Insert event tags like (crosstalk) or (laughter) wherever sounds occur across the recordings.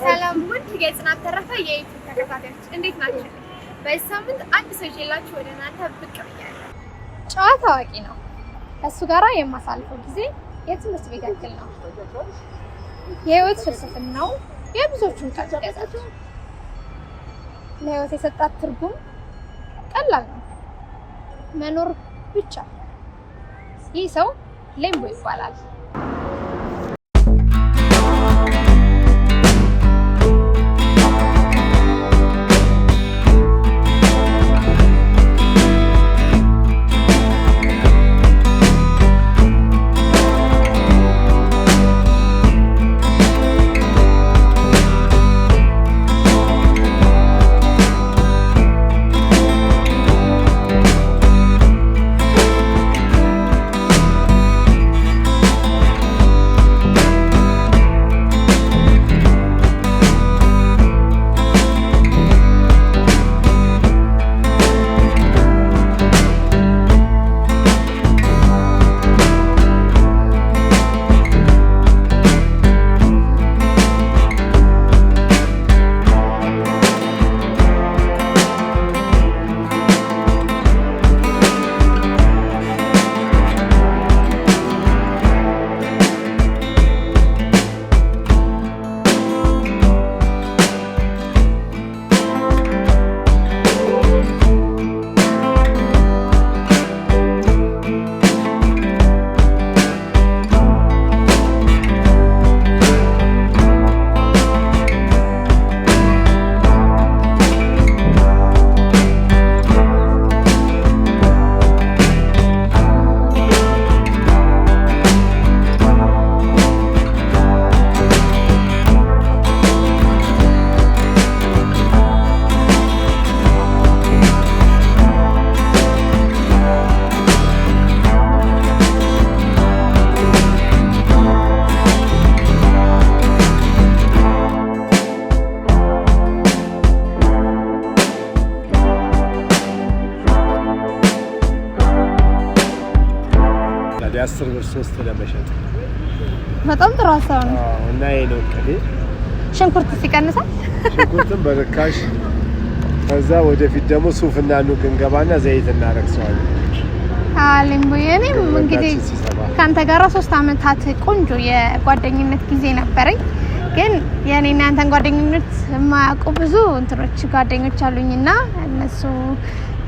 ሰላም ውድ የጽናት ተረፈ የዩቲዩብ ተከታታዮች እንዴት ናቸው? በዚህ ሳምንት አንድ ሰው ይዤላችሁ ወደ እናንተ ብቅ ብያለሁ። ጨዋ ታዋቂ ነው። ከእሱ ጋራ የማሳልፈው ጊዜ የትምህርት ቤት ያክል ነው። የህይወት ፍልስፍናው የብዙዎቹን ቀልብ ገዛች። ለህይወት የሰጣት ትርጉም ቀላል ነው፣ መኖር ብቻ። ይህ ሰው ሌምቦ ይባላል። ሶስት ለመሸጥ በጣም ጥሩ ሀሳብ ነው እና ይሄ ነው እቅዴ። ሽንኩርት ሲቀንሳል ሽንኩርትም በርካሽ ከዛ ወደፊት ደግሞ እና ኑግ እንገባና ዘይት እናረግሰዋለን። አለም እኔም እንግዲህ ከአንተ ጋር ሶስት አመታት ቆንጆ የጓደኝነት ጊዜ ነበረኝ። ግን የእኔ እናንተን ጓደኝነት የማያውቁ ብዙ እንትኖች ጓደኞች አሉኝና እነሱ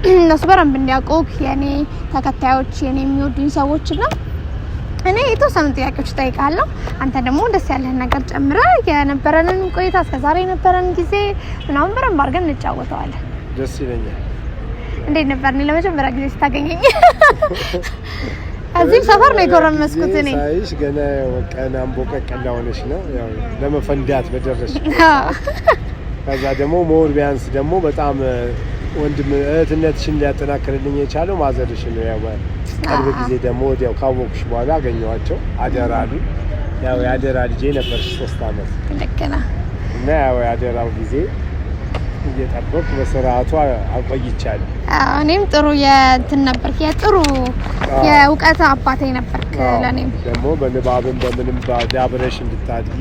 (clears throat) እነሱ በረንብ እንዲያውቁ የእኔ ተከታዮች የእኔ የሚወዱኝ ሰዎች ነው እኔ የተወሰኑ ጥያቄዎች ጠይቃለሁ፣ አንተ ደግሞ ደስ ያለህን ነገር ጨምረ የነበረንን ቆይታ እስከዛሬ የነበረን ጊዜ ምናምን በደንብ አድርገን እንጫወተዋለን። ደስ ይለኛል። እንዴት ነበር? እኔ ለመጀመሪያ ጊዜ ስታገኘኝ እዚህም ሰፈር ነው የጎረመስኩት። እኔ ሳይሽ ገና ወቀና አንቦቀቀላ ሆነሽ ነው ያው ለመፈንዳት በደረሽ። ከዛ ደግሞ ሞር ቢያንስ ደግሞ በጣም ወንድም እህትነትሽን ሊያጠናክርልኝ የቻለው ማዘርሽ ነው ያው ቅርብ ጊዜ ደግሞ ወዲያው ካወቅሽ በኋላ አገኘኋቸው። አደራ አሉ። ያው የአደራ ልጄ ነበርሽ ሶስት አመት እና ያው የአደራው ጊዜ እየጠበቅ በስርዓቱ አቆይቻለሁ። እኔም ጥሩ የእንትን ነበርክ፣ የጥሩ የእውቀት አባቴ ነበርክ። ለእኔም ደግሞ በንባብም በምንም ዳብረሽ እንድታድጊ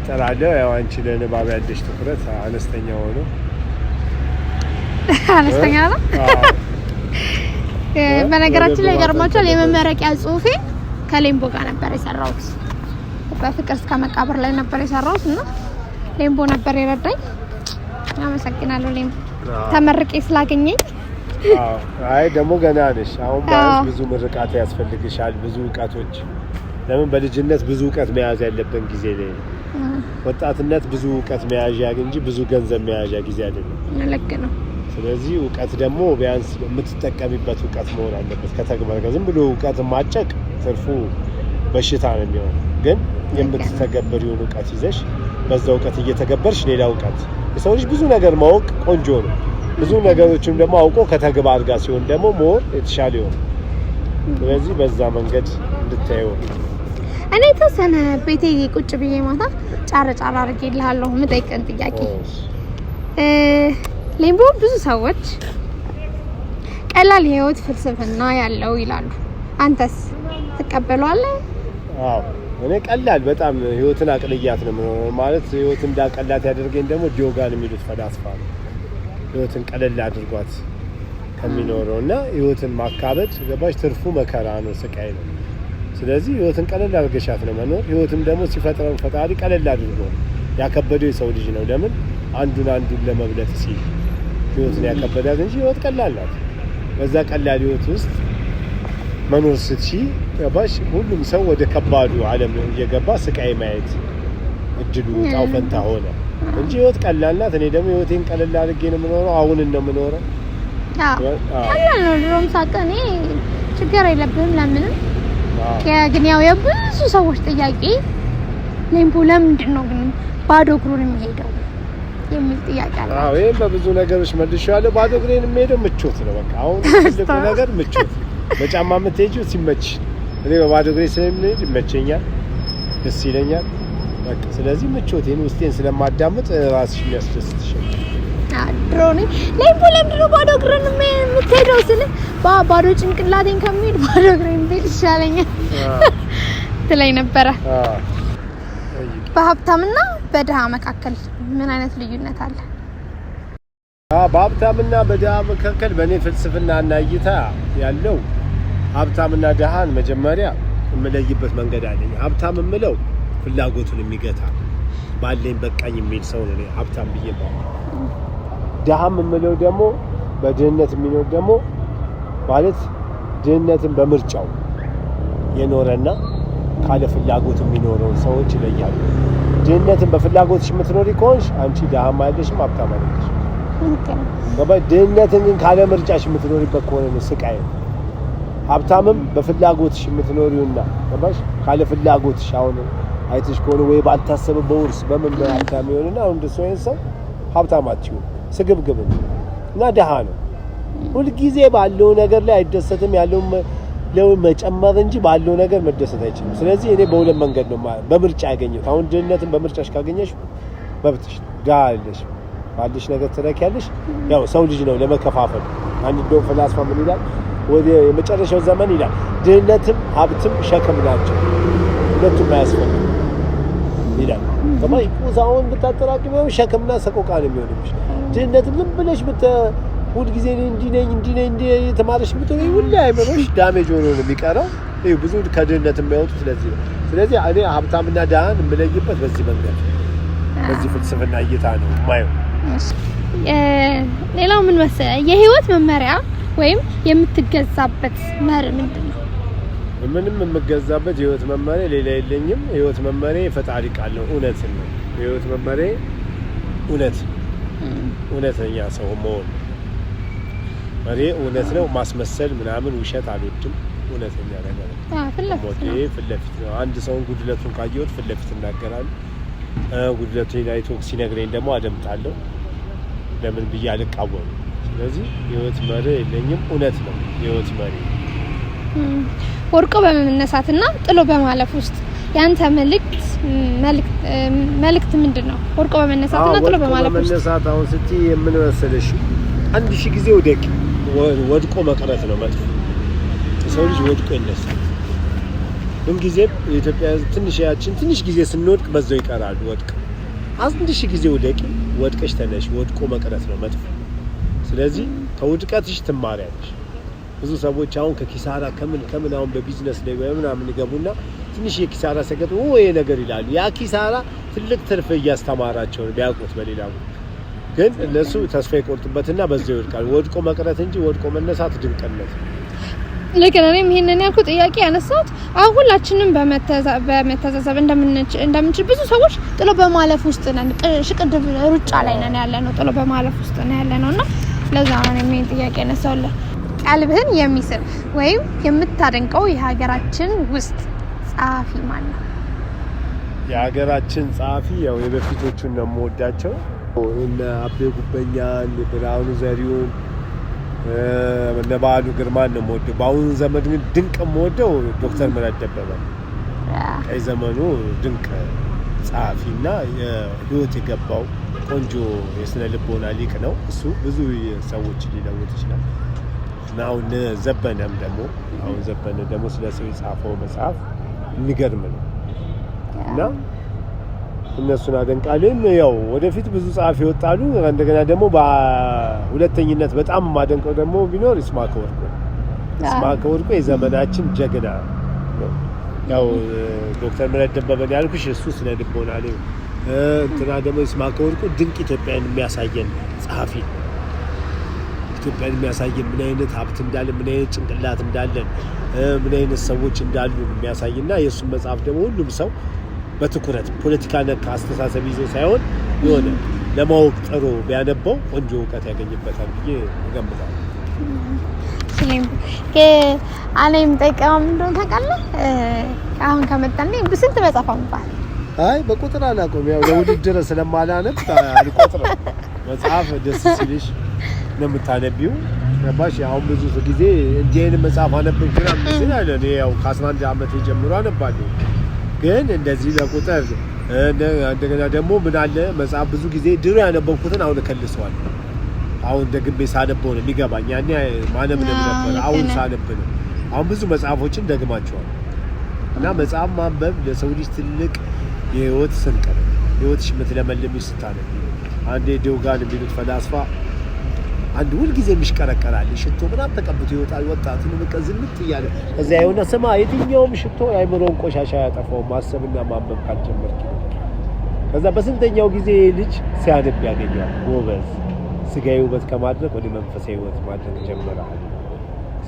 እጥራለሁ። ያው አንቺ ለንባብ ያለሽ ትኩረት አነስተኛ ሆኖ አነስተኛ ነው። በነገራችን ላይ ገርማችኋል። የመመረቂያ ጽሁፌ ከሌምቦ ጋር ነበር የሰራሁት። በፍቅር እስከ መቃብር ላይ ነበር የሰራሁት እና ሌምቦ ነበር የረዳኝ። አመሰግናለሁ ሌምቦ ተመርቄ ስላገኘኝ። አይ ደግሞ ገና ነሽ። አሁን ማለት ብዙ ምርቃት ያስፈልግሻል፣ ብዙ እውቀቶች። ለምን በልጅነት ብዙ እውቀት መያዝ ያለብን ጊዜ ላይ ወጣትነት ብዙ እውቀት መያዣ እንጂ ብዙ ገንዘብ መያዣ ጊዜ አይደለም። ልክ ነው። ስለዚህ እውቀት ደግሞ ቢያንስ የምትጠቀሚበት እውቀት መሆን አለበት። ከተግባር ጋር ዝም ብሎ እውቀት ማጨቅ ትርፉ በሽታ ነው የሚሆነው። ግን የምትተገበሪውን እውቀት ይዘሽ በዛ እውቀት እየተገበርሽ ሌላ እውቀት የሰው ልጅ ብዙ ነገር ማወቅ ቆንጆ ነው። ብዙ ነገሮችም ደግሞ አውቆ ከተግባር ጋር ሲሆን ደግሞ መሆን የተሻለ ይሆን። ስለዚህ በዛ መንገድ እንድታየው እኔ የተወሰነ ቤቴ ቁጭ ብዬ ማታ ጫረ ጫረ አድርጌልሃለሁ የምጠይቅህን ጥያቄ ሌምቦ ብዙ ሰዎች ቀላል የህይወት ፍልስፍና ያለው ይላሉ። አንተስ ትቀበሏለህ? አዎ እኔ ቀላል በጣም ህይወትን አቅልያት ነው ማለት ህይወትን እንዳቀላት ያደርገኝ ደግሞ ዲዮጋን የሚሉት ፈላስፋ ነው። ህይወትን ቀለል አድርጓት ከሚኖረው እና ህይወትን ማካበድ ገባሽ፣ ትርፉ መከራ ነው፣ ስቃይ ነው። ስለዚህ ህይወትን ቀለል አድርገሻት ነው መኖር። ህይወትም ደግሞ ሲፈጥረን ፈጣሪ ቀለል አድርጎ ያከበደው የሰው ልጅ ነው። ለምን አንዱን አንዱን ለመብለት ሲል ህይወት ነው ያከበዳት እንጂ ህይወት ቀላል ናት። በዛ ቀላል ህይወት ውስጥ መኖር ስትሺ ገባሽ? ሁሉም ሰው ወደ ከባዱ ዓለም እየገባ ስቃይ ማየት እድሉ እጣው ፈንታ ሆነ እንጂ ህይወት ቀላል ናት። እኔ ደግሞ ህይወቴን ቀለል አድርጌ ነው የምኖረው። አሁን ነው የምኖረው። ቀላል ነው። ድሮም ሳቀ እኔ ችግር የለብህም ለምንም ግን ያው የብዙ ሰዎች ጥያቄ ሌምፖ ለምንድን ነው ግን ባዶ እግሩን የሚሄደው? የሚል ጥያቄ አለ። አዎ ይሄን በብዙ ነገሮች መልሼዋለሁ። ባዶ እግሬን የምሄደው ምቾት ነው። በቃ አሁን ትልቁ ነገር ምቾት፣ በጫማ የምትሄጂው ሲመች። እኔ በባዶ እግሬ ስለምሄድ ይመቸኛል፣ ደስ ይለኛል። በቃ ስለዚህ ምቾት፣ ምቾቴን ውስጤን ስለማዳምጥ ራስሽ የሚያስደስትሽ ድሮ ነኝ ላይ ፖለም ድሮ ባዶ እግሬን የምትሄደው ስለ ባዶ ጭንቅላቴን ከምሄድ ባዶ እግሬን ብሄድ ይሻለኛል ትለኝ ነበረ። በሀብታምና በድሃ መካከል ምን አይነት ልዩነት አለ? በሀብታምና በድሃ መካከል በእኔ ፍልስፍናና እይታ ያለው ሀብታምና ድሃን መጀመሪያ የምለይበት መንገድ አለኝ። ሀብታም የምለው ፍላጎቱን የሚገታ ባለኝ በቃኝ የሚል ሰው ነው ሀብታም ብዬ። ድሃም የምለው ደግሞ በድህነት የሚኖር ደግሞ ማለት ድህነትን በምርጫው የኖረና ካለ ፍላጎት የሚኖረው ሰዎች ይለያሉ። ድህነትን በፍላጎትሽ የምትኖሪ ከሆንሽ አንቺ ድሃም አይደለሽም፣ ሀብታም አይደለሽም። ድህነትን ግን ካለ ምርጫሽ የምትኖሪበት ከሆነ ነው ስቃይ። ሀብታምም በፍላጎትሽ የምትኖሪውና ገባሽ ካለ ፍላጎትሽ አሁን አይተሽ ከሆነ ወይ ባልታሰበ በውርስ በምን በሀብታም ይሆንና አሁን ደሶ ይህን ሰው ሀብታም አትሆንም፣ ስግብግብ እና ድሃ ነው። ሁልጊዜ ባለው ነገር ላይ አይደሰትም ያለውም ለውን መጨመር እንጂ ባለው ነገር መደሰት አይችልም። ስለዚህ እኔ በሁለት መንገድ ነው በምርጫ ያገኘሁት። አሁን ድህነትን በምርጫሽ ካገኘሽ መብትሽ፣ ድሀ ባልሽ ነገር ትረኪያለሽ። ያው ሰው ልጅ ነው ለመከፋፈል። አንድ እንደውም ፍላስፋ ምን ይላል? ወደ የመጨረሻው ዘመን ይላል ድህነትም ሀብትም ሸክም ናቸው፣ ሁለቱም አያስፈልግም ይላል። ሰማይ ቁሳውን ብታጠራቅሚው ሸክምና ሰቆቃ ነው የሚሆንብሽ። ድህነትም ዝም ብለሽ ሁልጊዜ እንዲህ ነኝ እንዲህ ነኝ እንዲህ የተማረሽ ብትሆኝ ሁሌ አይምሮሽ ዳሜጅ ሆኖ ነው የሚቀረው። ይህ ብዙ ከድህነት የሚያወጡት ስለዚህ ነው። ስለዚህ እኔ ሀብታምና ድሃን የምለይበት በዚህ መንገድ በዚህ ፍልስፍና እይታ ነው የማየው። ሌላው ምን መሰለህ የህይወት መመሪያ ወይም የምትገዛበት መር ምንድን ነው? ምንም የምገዛበት የህይወት መመሪያ ሌላ የለኝም። የህይወት መመሪያ የፈጣሪ ቃል ነው፣ እውነትን ነው። የህይወት መመሪያ እውነት እውነተኛ ሰው መሆን እኔ እውነት ነው ማስመሰል ምናምን ውሸት አልወድም። እውነተኛ ነገር ፊት ለፊት ነው። አንድ ሰውን ጉድለቱን ካየሁት ፊት ለፊት እናገራለሁ። ጉድለቱን አይቶ ሲነግረኝ ደግሞ አደምጣለሁ። ለምን ብዬ አልቃወምም። ስለዚህ የህይወት መሪ የለኝም። እውነት ነው የህይወት መሪ ወርቆ በመነሳትና ጥሎ በማለፍ ውስጥ ያንተ መልእክት መልእክት ምንድን ነው? ወርቆ በመነሳትና ጥሎ በማለፍ ውስጥ በመነሳት አሁን ስትይ የምን መሰለሽ አንድ ሺህ ጊዜ ወደቂ ወድቆ መቅረት ነው መጥፎ። የሰው ልጅ ወድቆ ይነሳ። ምንጊዜም የኢትዮጵያ ሕዝብ ትንሽ ያችን ትንሽ ጊዜ ስንወድቅ በዛው ይቀራል። ወድቅ አንድ ሺህ ጊዜ ውደቂ፣ ወድቀሽ ተነሽ። ወድቆ መቅረት ነው መጥፎ። ስለዚህ ከውድቀትሽ ትማሪያለሽ። ብዙ ሰዎች አሁን ከኪሳራ ከምን ከምን አሁን በቢዝነስ ላይ በምናምን ይገቡና ትንሽ የኪሳራ ሰገጥ ወይ ነገር ይላሉ። ያ ኪሳራ ትልቅ ትርፍ እያስተማራቸው ቢያውቁት በሌላ ግን እነሱ ተስፋ ይቆርጡበትና በዚያው ይወድቃል። ወድቆ መቅረት እንጂ ወድቆ መነሳት ድንቅነት ልክ ነው። እኔም ይሄንን ያልኩ ጥያቄ ያነሳሁት አሁን ሁላችንም እንደምንች እንደምንችል ብዙ ሰዎች ጥሎ በማለፍ ውስጥ ነን፣ ሽቅድም ሩጫ ላይ ነን ያለ ነው። ጥሎ በማለፍ ውስጥ ነን ያለ ነው እና ለዛ ነው ይሄን ጥያቄ ያነሳሁልህ። ቀልብህን የሚስብ ወይም የምታደንቀው የሀገራችን ውስጥ ጸሐፊ ማን ነው? የሀገራችን ጸሐፊ ያው የበፊቶቹን ነው የምወዳቸው እነ አቤ ጉበኛን፣ ብርሃኑ ዘሪሁን፣ እነ በዓሉ ግርማን ነው የምወደው። በአሁኑ ዘመን ግን ድንቅ የምወደው ዶክተር ምህረት ደበበ ቀይ ዘመኑ ድንቅ ጸሐፊና ህይወት የገባው ቆንጆ የስነ ልቦና ሊቅ ነው። እሱ ብዙ ሰዎች ሊለውጥ ይችላል እና አሁን ዘበነም ደግሞ አሁን ዘበነ ደግሞ ስለ ሰው የጻፈው መጽሐፍ የሚገርም ነው እና እነሱን አደንቃለን። ያው ወደፊት ብዙ ጸሐፊ ይወጣሉ። እንደገና ደግሞ በሁለተኝነት በጣም ማደንቀው ደግሞ ቢኖር ይስማዕከ ወርቁ ይስማዕከ ወርቁ የዘመናችን ጀግና ያው ዶክተር ምህረት ደበበን ያልኩሽ እሱ ስነ ልቦና ላይ እንትና ደግሞ ይስማዕከ ወርቁ ድንቅ ኢትዮጵያን የሚያሳየን ጸሐፊ ኢትዮጵያን የሚያሳየን ምን አይነት ሀብት እንዳለን፣ ምን አይነት ጭንቅላት እንዳለን፣ ምን አይነት ሰዎች እንዳሉ የሚያሳይና የእሱን መጽሐፍ ደግሞ ሁሉም ሰው በትኩረት ፖለቲካ ነክ አስተሳሰብ ይዞ ሳይሆን የሆነ ለማወቅ ጥሩ ቢያነባው ቆንጆ እውቀት ያገኝበታል ብዬ እገምታለሁ። አነ የምጠቀመው ምንድን ነው ታውቃለህ? አሁን ከመጣ ስንት መጽሐፍ አይ በቁጥር አላውቅም። ያው ለውድድር ስለማላነብ አልቆጥርም። መጽሐፍ ደስ ሲልሽ ነው የምታነቢው። ገባሽ? አሁን ብዙ ጊዜ እንዲህ አይነት መጽሐፍ አነብ ይችላል። ያው ከ11 ዓመት ጀምሮ አነባለሁ ግን እንደዚህ ለቁጥር እንደገና ደግሞ ምን አለ መጽሐፍ ብዙ ጊዜ ድሮ ያነበብኩትን አሁን እከልሰዋል። አሁን ደግሜ ሳነበው ነው የሚገባኝ። ያኔ ማነብነብ ነበር፣ አሁን ሳነብ ነው። አሁን ብዙ መጽሐፎችን ደግማቸዋል እና መጽሐፍ ማንበብ ለሰው ልጅ ትልቅ የህይወት ስንቅ ነው። ህይወትሽ የምትለመልምሽ ስታነብ። አንዴ ዶጋን የሚሉት ፈላስፋ አንድ ሁልጊዜም ይሽቀረቀራል። ሽቶ ምናም ተቀብቶ ይወጣል። ወጣት ንቀ ዝምት እያለ እዚያ የሆነ ስማ፣ የትኛውም ሽቶ የአእምሮውን ቆሻሻ ያጠፋው ማሰብና ማንበብ ካልጀመርክ። ከዛ በስንተኛው ጊዜ ልጅ ሲያነብ ያገኘዋል። ጎበዝ ስጋዊ ውበት ከማድረግ ወደ መንፈሳዊ ውበት ማድረግ ጀመራል።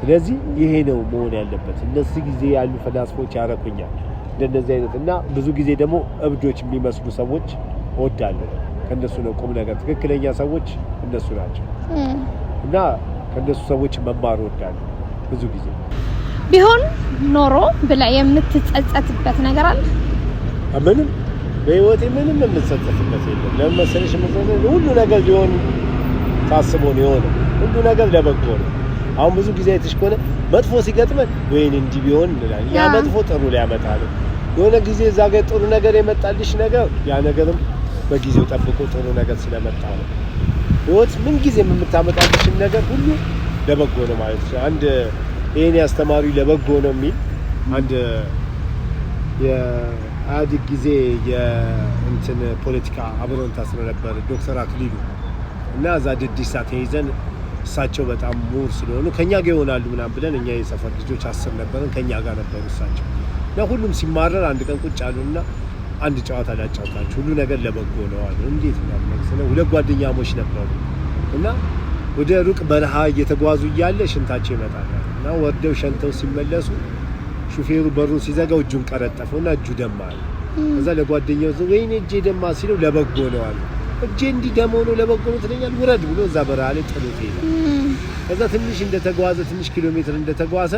ስለዚህ ይሄ ነው መሆን ያለበት። እነዚህ ጊዜ ያሉ ፈላስፎች ያረኩኛል እንደነዚህ አይነት እና ብዙ ጊዜ ደግሞ እብዶች የሚመስሉ ሰዎች እወዳለሁ። ከእነሱ ነው ቁም ነገር ትክክለኛ ሰዎች እነሱ ናቸው እና ከእነሱ ሰዎች መማር ወዳሉ ብዙ ጊዜ ቢሆን ኖሮ ብላ የምትጸጸትበት ነገር አለ? ምንም በህይወቴ ምንም የምትጸጸትበት የለም። ለምን መሰለሽ? ሁሉ ነገር ሊሆን ታስቦ ነው የሆነ ሁሉ ነገር ለበጎ ነው። አሁን ብዙ ጊዜ አይተሽ ከሆነ መጥፎ ሲገጥመን ወይን እንዲህ ቢሆን እንላለን። ያ መጥፎ ጥሩ ሊያመጣ ነው። የሆነ ጊዜ እዛ ጋር ጥሩ ነገር የመጣልሽ ነገር ያ ነገርም በጊዜው ጠብቆ ጥሩ ነገር ስለመጣ ነው። ህይወት ምንጊዜም የምታመጣልሽን ነገር ሁሉ ለበጎ ነው ማለት ነው። አንድ ይህን አስተማሪ ለበጎ ነው የሚል አንድ የኢህአዴግ ጊዜ የእንትን ፖለቲካ አብሮን ነበር ዶክተር አክሊሉ እና እዛ ድዲሳ ተይዘን እሳቸው በጣም ምሁር ስለሆኑ ከኛ ጋር ይሆናሉ ምናም ብለን እኛ የሰፈር ልጆች አስር ነበርን። ከኛ ጋር ነበሩ እሳቸው እና ሁሉም ሲማረር አንድ ቀን ቁጭ አሉና አንድ ጨዋታ ላጫውታችሁ። ሁሉ ነገር ለበጎ ነው አሉ። እንዴት ስለ ሁለት ጓደኛሞች ነበሩ እና ወደ ሩቅ በረሃ እየተጓዙ እያለ ሽንታቸው ይመጣል እና ወርደው ሸንተው ሲመለሱ ሹፌሩ በሩን ሲዘጋው እጁን ቀረጠፈው እና እጁ ደማ አለ። ከዛ ለጓደኛው ዘ ወይኔ እጄ ደማ ሲለው ለበጎ ነው አሉ። እጄ እንዲህ ደሞ ነው ለበጎ ነው ትለኛል? ውረድ ብሎ እዛ በረሃ ላይ ጥሎት ሄደ። ከዛ ትንሽ እንደተጓዘ ትንሽ ኪሎ ሜትር እንደተጓዘ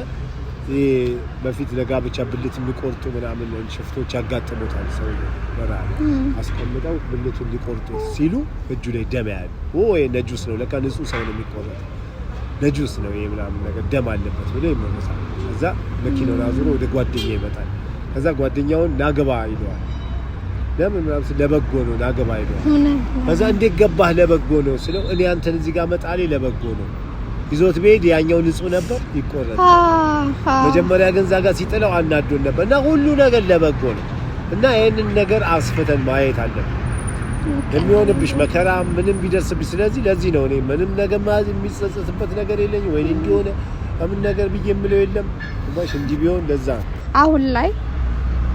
ይህ በፊት ለጋብቻ ብልት የሚቆርጡ ምናምን ሽፍቶች ያጋጥሙታል። ሰው በረሃ አስቀምጠው ብልቱን ሊቆርጡ ሲሉ እጁ ላይ ደም ያሉ ወይ ነጁስ ነው ለካ ንጹህ ሰው ነው የሚቆረጥ ነጁስ ነው ይሄ ምናምን ነገር ደም አለበት ብሎ ይመለሳል። ከዛ መኪናውን አዙሮ ወደ ጓደኛ ይመጣል። ከዛ ጓደኛውን ናግባ ይለዋል። ለምን ምናምን ለበጎ ነው ናግባ ይለዋል። ከዛ እንዴት ገባህ ለበጎ ነው ስለው እኔ አንተን እዚህ ጋር መጣሌ ለበጎ ነው ይዞት ብሄድ ያኛው ንጹህ ነበር ይቆረጥ። መጀመሪያ ግን እዛ ጋር ሲጥለው አናዶን ነበር እና ሁሉ ነገር ለበጎ ነው እና ይህንን ነገር አስፍተን ማየት አለብን። የሚሆንብሽ መከራ ምንም ቢደርስብሽ። ስለዚህ ለዚህ ነው እኔ ምንም ነገር ማዝ የሚጸጸትበት ነገር የለኝ ወይ እንዲሆነ ምን ነገር ብዬ የምለው የለም። ማሽ እንዲህ ቢሆን ለዛ አሁን ላይ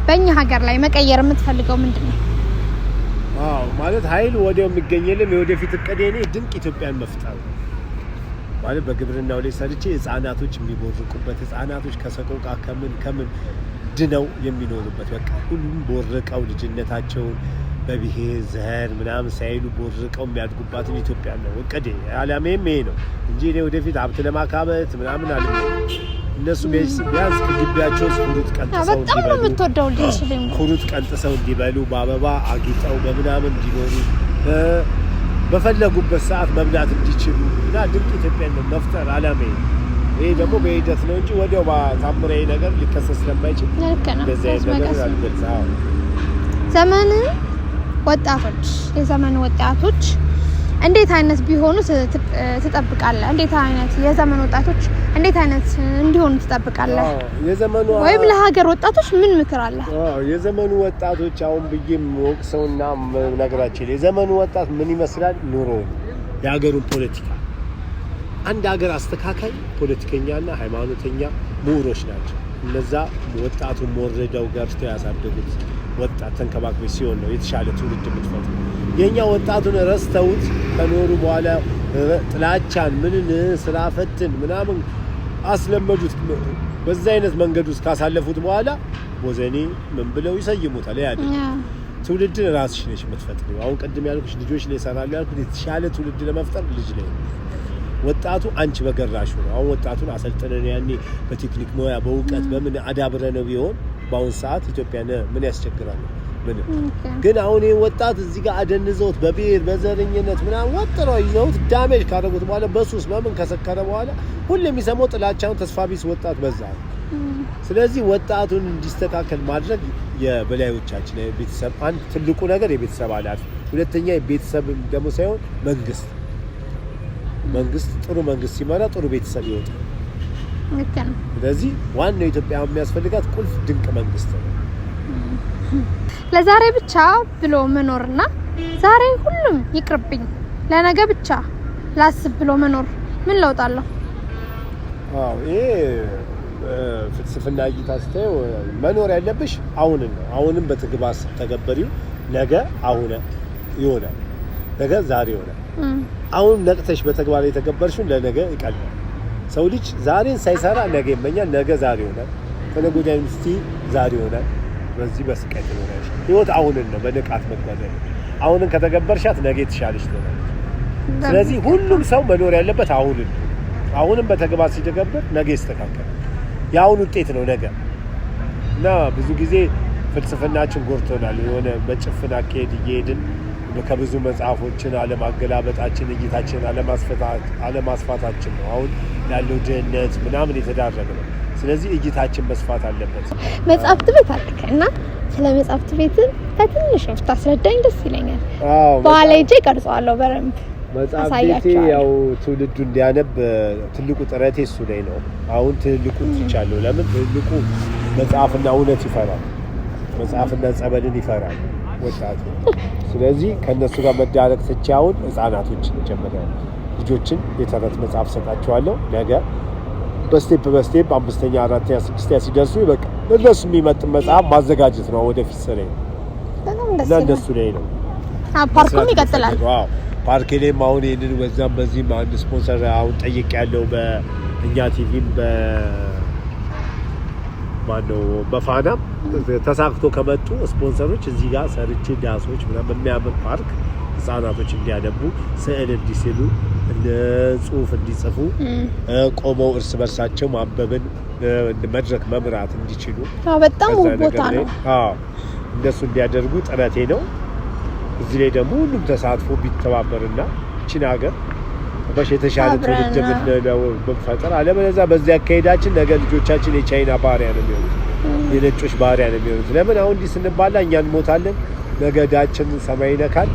በእኛ ሀገር ላይ መቀየር የምትፈልገው ምንድን ነው? አዎ ማለት ኃይል ወዲያው የሚገኝ የለም። የወደፊት እቅዴ እኔ ድንቅ ኢትዮጵያን መፍጠር ማለት በግብርናው ላይ ሰርቼ ህጻናቶች የሚቦርቁበት ህጻናቶች ከሰቆቃ ከምን ከምን ድነው የሚኖሩበት በቃ ሁሉም ቦርቀው ልጅነታቸውን በብሄ ዘር ምናምን ሳይሉ ቦርቀው የሚያድጉባትን ኢትዮጵያ ነው እቅዴ። አላማዬም ይሄ ነው እንጂ እኔ ወደፊት ሀብት ለማካበት ምናምን አለ። እነሱ ቢያንስ ከግቢያቸው ውስጥ ሁሩጥ ቀንጥሰው እንዲበሉ ሁሩጥ ቀንጥሰው እንዲበሉ በአበባ አጊጠው በምናምን እንዲኖሩ በፈለጉበት ሰዓት መብላት እንዲችሉ እና ድንቅ ኢትዮጵያን መፍጠር አላሜ። ይሄ ደግሞ በሂደት ነው እንጂ ወዲያው ታምራዊ ነገር ሊከሰስ ስለማይችል ዘመን ወጣቶች የዘመን ወጣቶች እንዴት አይነት ቢሆኑ ትጠብቃለህ? እንዴት አይነት የዘመን ወጣቶች እንዴት አይነት እንዲሆኑ ትጠብቃለህ? የዘመኑ ወይም ለሀገር ወጣቶች ምን ምክር አለ? የዘመኑ ወጣቶች አሁን ብዬ ወቅሰውና ነገራችን የዘመኑ ወጣት ምን ይመስላል? ኑሮ የሀገሩን ፖለቲካ አንድ ሀገር አስተካካይ ፖለቲከኛና ሃይማኖተኛ ምሁሮች ናቸው። እነዛ ወጣቱን ወረደው ገብተው ያሳደጉት ወጣት ተንከባክቤ ሲሆን ነው የተሻለ ትውልድ የምትፈጥሩ የኛ ወጣቱን ረስተውት ከኖሩ በኋላ ጥላቻን ምንን ስራ ፈትን ምናምን አስለመዱት። በዛ አይነት መንገድ ውስጥ ካሳለፉት በኋላ ቦዘኔ ምን ብለው ይሰይሙታል? ያለ ትውልድን ራስሽ ነሽ የምትፈጥሪው። አሁን ቅድም ያልኩሽ ልጆች ላይ ይሰራሉ ያልኩት የተሻለ ትውልድ ለመፍጠር ልጅ ላይ ወጣቱ አንቺ በገራሽ ነው። አሁን ወጣቱን አሰልጥነን ያኔ በቴክኒክ ሙያ በእውቀት በምን አዳብረ ነው ቢሆን በአሁን ሰዓት ኢትዮጵያ ምን ያስቸግራል? ምንም ግን አሁን ይህን ወጣት እዚህ ጋር አደንዘውት በብሔር በዘረኝነት ምናምን ወጥረው ይዘውት ዳሜጅ ካደረጉት በኋላ በሱስ በምን ከሰከረ በኋላ ሁሉ የሚሰማው ጥላቻውን ተስፋ ቢስ ወጣት በዛ። ስለዚህ ወጣቱን እንዲስተካከል ማድረግ የበላዮቻችን የቤተሰብ አንድ ትልቁ ነገር የቤተሰብ አላፊ፣ ሁለተኛ የቤተሰብ ደግሞ ሳይሆን መንግስት መንግስት ጥሩ መንግስት ሲመራ ጥሩ ቤተሰብ ይወጣል። ስለዚህ ዋናው ኢትዮጵያ የሚያስፈልጋት ቁልፍ ድንቅ መንግስት ነው። ለዛሬ ብቻ ብሎ መኖርና ዛሬ ሁሉም ይቅርብኝ ለነገ ብቻ ላስብ ብሎ መኖር ምን ለውጥ አለው? አዎ ይሄ ፍልስፍና እይታ ስታየው መኖር ያለብሽ አሁን ነው። አሁንም በትግባ ተገበሪው ነገ አሁን ይሆናል፣ ነገ ዛሬ ይሆናል። አሁን ነቅተሽ በተግባር የተገበርሽውን ለነገ ይቀላል። ሰው ልጅ ዛሬን ሳይሰራ ነገ ይመኛል፣ ነገ ዛሬ ይሆናል፣ ከነገ ወዲያ ዛሬ ይሆናል በዚህ በስቃይ ትኖሪያለሽ። ህይወት አሁንን ነው በንቃት መጓዝ አሁንን ከተገበርሻት ነገ የተሻለች ትሆናለች። ስለዚህ ሁሉም ሰው መኖር ያለበት አሁንን አሁንም በተግባር ሲተገበር ነገ ይስተካከል። የአሁን ውጤት ነው ነገ እና ብዙ ጊዜ ፍልስፍናችን ጎርቶናል። የሆነ በጭፍን አካሄድ እየሄድን ከብዙ መጽሐፎችን አለማገላበጣችን እይታችን አለማስፋታችን ነው አሁን ላለው ድህነት ምናምን የተዳረገ ነው። ስለዚህ እይታችን መስፋት አለበት። መጽሐፍት ቤት አልክ እና ስለ መጽሐፍት ቤት በትንሽ ብታስረዳኝ ደስ ይለኛል። በኋላ ሄጄ ቀርጸዋለሁ በረምብ መጽሐፍ ቤቴ ያው ትውልዱ እንዲያነብ ትልቁ ጥረቴ እሱ ላይ ነው። አሁን ትልቁ ትቻለሁ። ለምን ትልቁ መጽሐፍና እውነት ይፈራል፣ መጽሐፍና ጸበልን ይፈራል ወጣቱ። ስለዚህ ከእነሱ ጋር መዳረቅ ትቼ አሁን ህጻናቶችን ጀምሬያለሁ። ልጆችን የተረት መጽሐፍ ሰጣቸዋለሁ ነገ በስቴፕ በስቴፕ አምስተኛ፣ አራተኛ፣ ስድስተኛ ሲደርሱ በቃ እነሱ የሚመጥ መጽሐፍ ማዘጋጀት ነው። ወደፊት ስለ እና እንደሱ ላይ ነው ፓርኩም ይቀጥላል። ፓርክ ላይም አሁን ይህንን በዛም በዚህም አንድ ስፖንሰር አሁን ጠይቅ ያለው በእኛ ቲቪም ማነው በፋናም ተሳክቶ ከመጡ ስፖንሰሮች እዚህ ጋር ሰርቼ ዳሶች ምናምን የሚያምር ፓርክ ህጻናቶች እንዲያነቡ ስዕል እንዲስሉ ጽሁፍ እንዲጽፉ ቆመው እርስ በርሳቸው ማበብን መድረክ መምራት እንዲችሉ በጣም ውብ ቦታ ነው። እንደሱ እንዲያደርጉ ጥረቴ ነው። እዚህ ላይ ደግሞ ሁሉም ተሳትፎ ቢተባበርና እችን ሀገር በሽ የተሻለ ትውልድ ምንለው ብንፈጠር፣ አለበለዚያ በዚህ አካሄዳችን ነገ ልጆቻችን የቻይና ባህሪያ ነው የሚሆኑት፣ የነጮች ባህሪያ ነው የሚሆኑት። ለምን አሁን እንዲህ ስንባላ እኛ እንሞታለን፣ ነገዳችን ሰማይ ይነካል።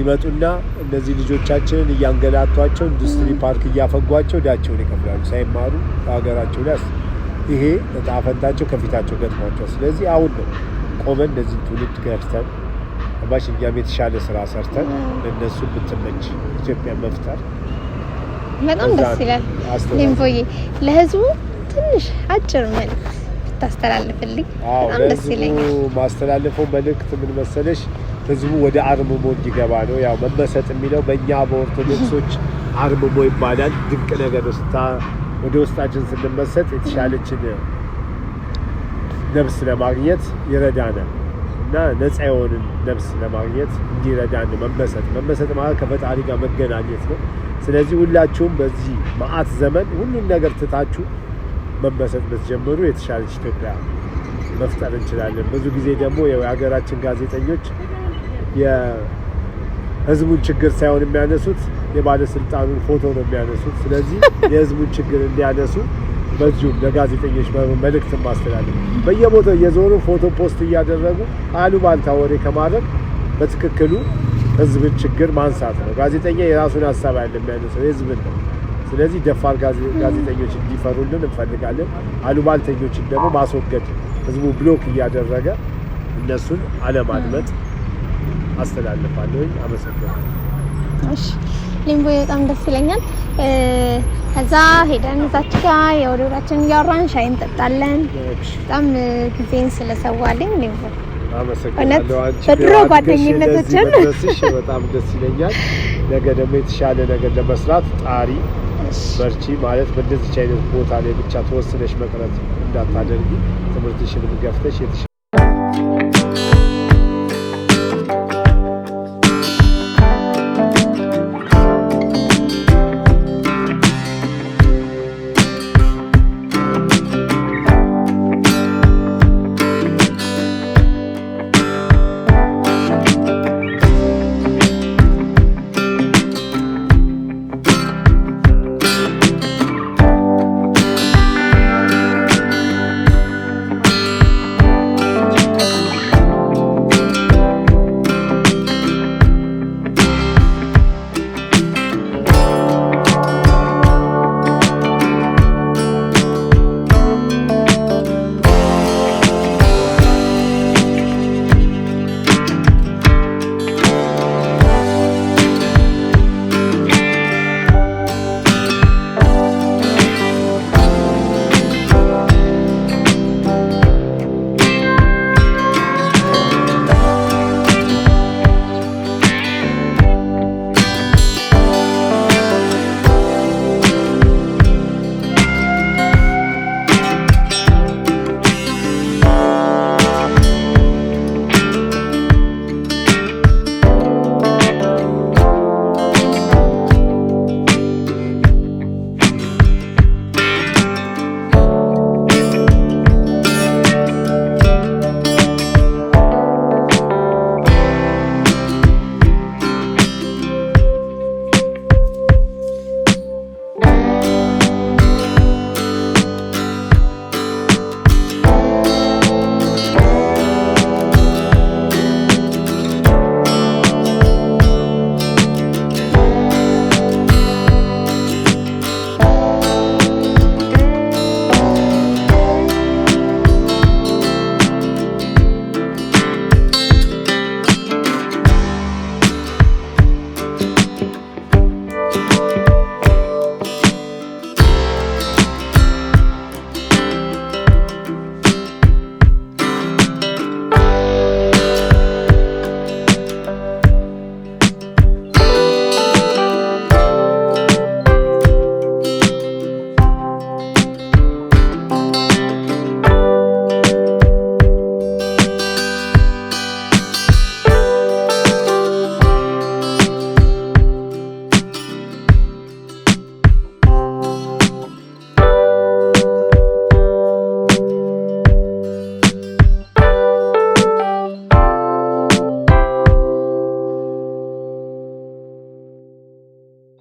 ይመጡና እነዚህ ልጆቻችንን እያንገላቷቸው ኢንዱስትሪ ፓርክ እያፈጓቸው ዳቸውን ይከፍላሉ ሳይማሩ በሀገራቸው ላይ ይሄ እጣ ፈንታቸው ከፊታቸው ገጥሟቸው። ስለዚህ አሁን ነው ቆመን እነዚህ ትውልድ ገርተን ባሽ እኛም የተሻለ ስራ ሰርተን እነሱ ብትመች ኢትዮጵያ መፍጠር በጣም ደስ ይላል። ሊምቦዬ ለህዝቡ ትንሽ አጭር መልዕክት ብታስተላልፍልኝ ደስ ይለኛል። ማስተላልፈው መልእክት ምን መሰለሽ፣ ህዝቡ ወደ አርምሞ እንዲገባ ነው። ያው መመሰጥ የሚለው በእኛ በኦርቶዶክሶች አርምሞ ይባላል። ድንቅ ነገር ነው። ስታ ወደ ውስጣችን ስንመሰጥ የተሻለችን ነፍስ ለማግኘት ይረዳናል እና ነፃ የሆንን ነፍስ ለማግኘት እንዲረዳን መመሰጥ መመሰጥ ማለት ከፈጣሪ ጋር መገናኘት ነው። ስለዚህ ሁላችሁም በዚህ መዓት ዘመን ሁሉን ነገር ትታችሁ መመሰጥ ብትጀምሩ የተሻለች ኢትዮጵያ መፍጠር እንችላለን። ብዙ ጊዜ ደግሞ የሀገራችን ጋዜጠኞች የህዝቡን ችግር ሳይሆን የሚያነሱት የባለስልጣኑን ፎቶ ነው የሚያነሱት። ስለዚህ የህዝቡን ችግር እንዲያነሱ በዚሁም ለጋዜጠኞች መልእክት ማስተላለፍ በየቦታው እየዞሩ ፎቶ ፖስት እያደረጉ አሉባልታ ወሬ ከማድረግ በትክክሉ ህዝብን ችግር ማንሳት ነው። ጋዜጠኛ የራሱን ሀሳብ ያለ የሚያነሰው የህዝብን ነው። ስለዚህ ደፋር ጋዜጠኞች እንዲፈሩልን እንፈልጋለን። አሉባልተኞችን ደግሞ ማስወገድ፣ ህዝቡ ብሎክ እያደረገ እነሱን አለማድመጥ አስተላልፋለሁ። አመሰግናለሁ። እሺ ሊምቦ በጣም ደስ ይለኛል። ከዛ ሄደን እዛች ጋር የወደዳችን እያወራን ሻይ እንጠጣለን። በጣም ጊዜን ስለሰዋልኝ ሊምቦ በድሮ ጓደኝነቶችን በጣም ደስ ይለኛል። ነገ ደግሞ የተሻለ ነገር ለመስራት ጣሪ በርቺ ማለት በእንደዚች አይነት ቦታ ላይ ብቻ ተወስነሽ መቅረት እንዳታደርጊ ትምህርትሽንም ገፍተሽ የተሻለ